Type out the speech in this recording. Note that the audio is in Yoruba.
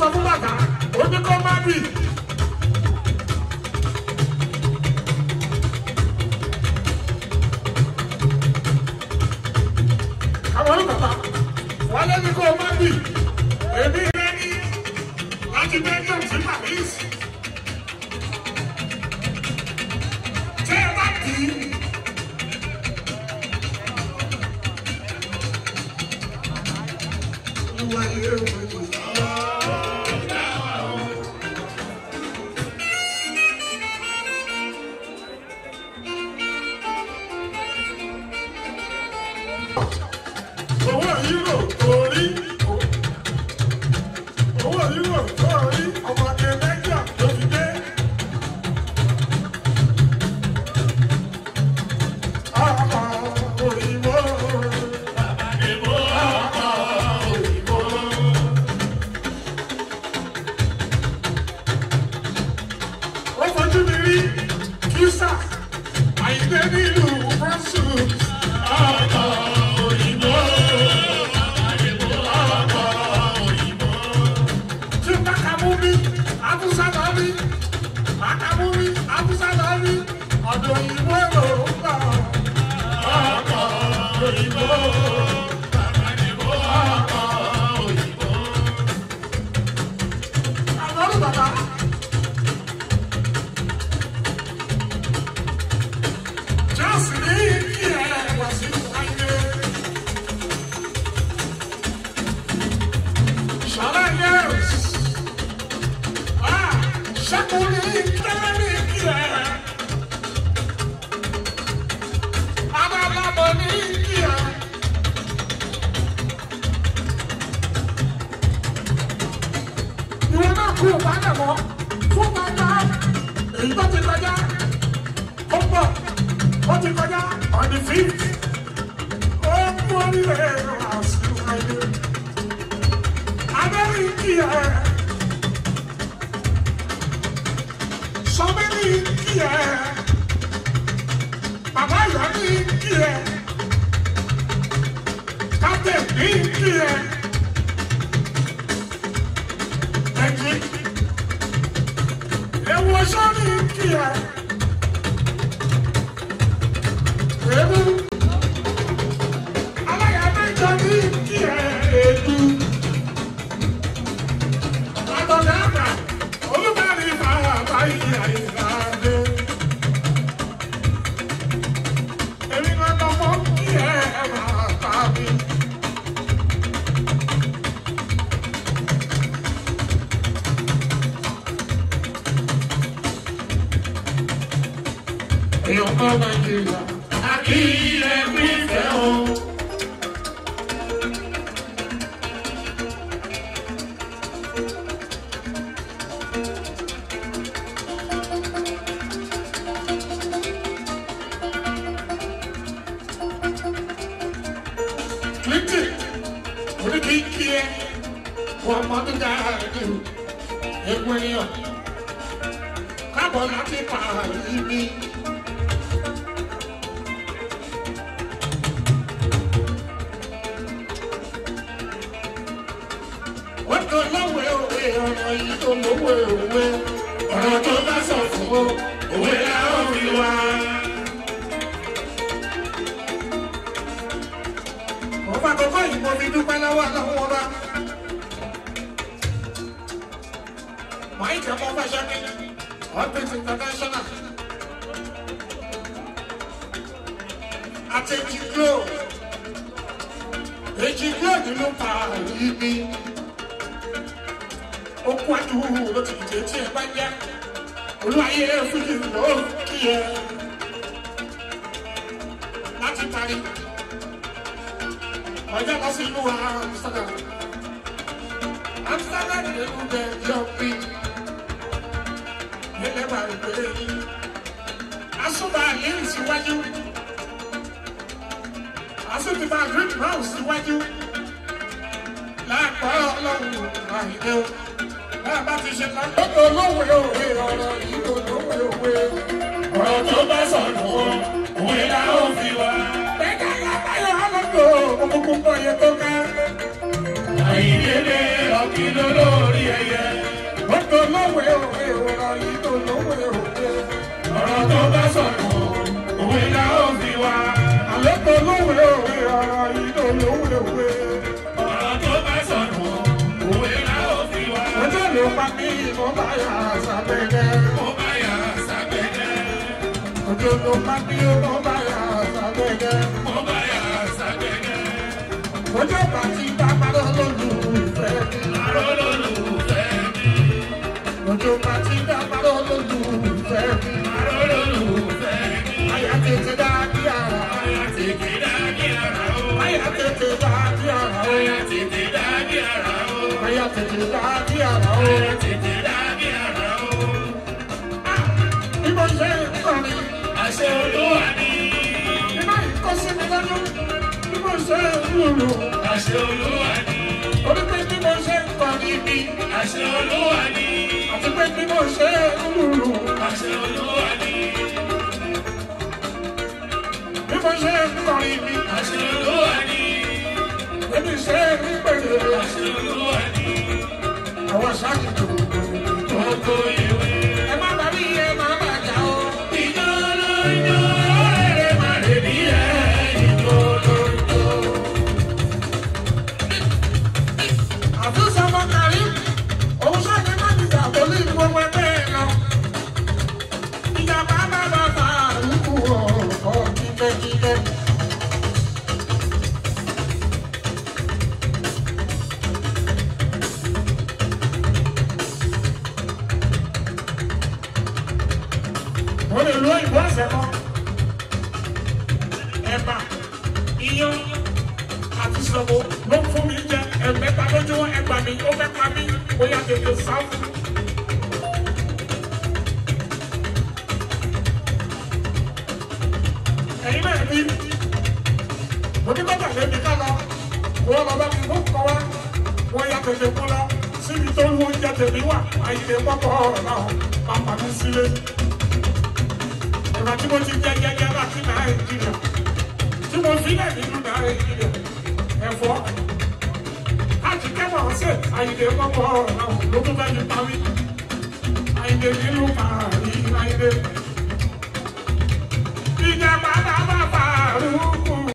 sọ fún bàtà ó ní kó má bì. àwọn ọ̀rọ̀ bàbá wọlé ní kó má bì èmi lẹ́ni láti belgium sí paris. tẹ́ ẹ bá dì í. Thank you. tí o bá lẹ̀ mọ́ fún bàbá èyí tó ti kọjá ó pọ̀ ó ti kọjá on the fifth ó mú orílẹ̀ àṣìwáyé abẹ́rẹ́ ìkìyà ẹ̀ sọmẹ́rì ìkìyà ẹ̀ bàbá ìyá ní ìkìyà ẹ̀ kápẹ́ ní ìkìyà ẹ̀. I'm que Nàìjíríà àkílẹ̀ pínfẹ́ o. Twenty, what a big year, one mother died, everywhere. Kábọ̀ láti pààyè mi. tó mọ̀wé òwe ọ̀rọ̀ tó bá sọ fún o òwe la ó fi wá. ọba àkọ́kọ́ yìí mo fi dúpẹ́ lọ́wọ́ àlọ́wọ́ ọba. Mike ọmọ Fashaki, Orbit International. Àti Ejiglo, Ejiglo ni ló pa ìbí ó kún àdúrú ló ti dìde tí ẹ bá yá olúwayé fújì ló kí ẹ láti parí ọjọ́ lọ sí ìlú Amsterdam Amsterdam lè mú bẹ yọ pé ẹlẹ́wà ìgbélé yìí asúnbà yìí síwájú asúnbà green house síwájú láàpọ̀ ọlọ́run àìdẹ́wò tá a bá ti ṣe kan lọ́dọ̀ olówó òwe ọ̀rọ̀ yìí olówó òwe. ọ̀rọ̀ tó bá sọ̀rọ̀ wọn òwe la ó fi wá. bẹ́ẹ̀ni alábáyọ̀ ọlọ́dọ̀ òkùnkùn pọ̀ yẹ tó ká. àyíkéde ọ̀kì ló lórí ẹyẹ. lọ́dọ̀ olówó òwe ọ̀rọ̀ yìí olówó òwe. ọ̀rọ̀ tó bá sọ̀rọ̀ òwe la mo bá yà sàbẹ̀dẹ̀. mo bá yà lo òdodo pápí mo bá yà sàbẹ̀dẹ̀. mo bá yà sàbẹ̀dẹ̀. ojú ọ̀pá ti bá parọ́ lo ìfẹ́. parọ́ lólu. sùúrù àṣẹ olúwa ni. orí pé bí mo ṣe ń kọ́ níbi àṣẹ olúwa ni. àti pé bí mo ṣe ń rúrù àṣẹ olúwa ni. bí mo ṣe ń kọ́ níbi àṣẹ olúwa ni. bí mo ṣe ń pèrè àṣẹ olúwa ni. àwọn sá. sẹ́kọ́ ẹ̀bà iyán àti sọ̀bọ̀ ló fún mi jẹ ẹgbẹ́ta lójúmọ́ ẹgbà mi ó fẹ́ pa mí ó yà tètè sáfù. ẹ̀yin náà rí mo ní bàbá lẹ́bi ká lọ wọ́n lọ bá mi kó kọ́ wá wọ́n yà tètè kú lọ síbi tó ń wo oúnjẹ tèmi wà àyè pọ́pọ́ ọ̀rọ̀ náà pàpà mi sílé ọ̀nà tí mo ti jẹ jẹjẹ bá ti nàìjíríà tí mo sílẹ̀ nínú nàìjíríà ẹ̀fọ́ láti kẹ́mọ̀ ọ̀sẹ̀ àyìnlẹ̀ gbọ́mọ̀ ọ̀rọ̀ náà ló tún bẹ́ẹ̀ ní parí àyìnlẹ̀ nínú màrí àyìnlẹ̀ ìjẹ̀bá náà bá bàrú.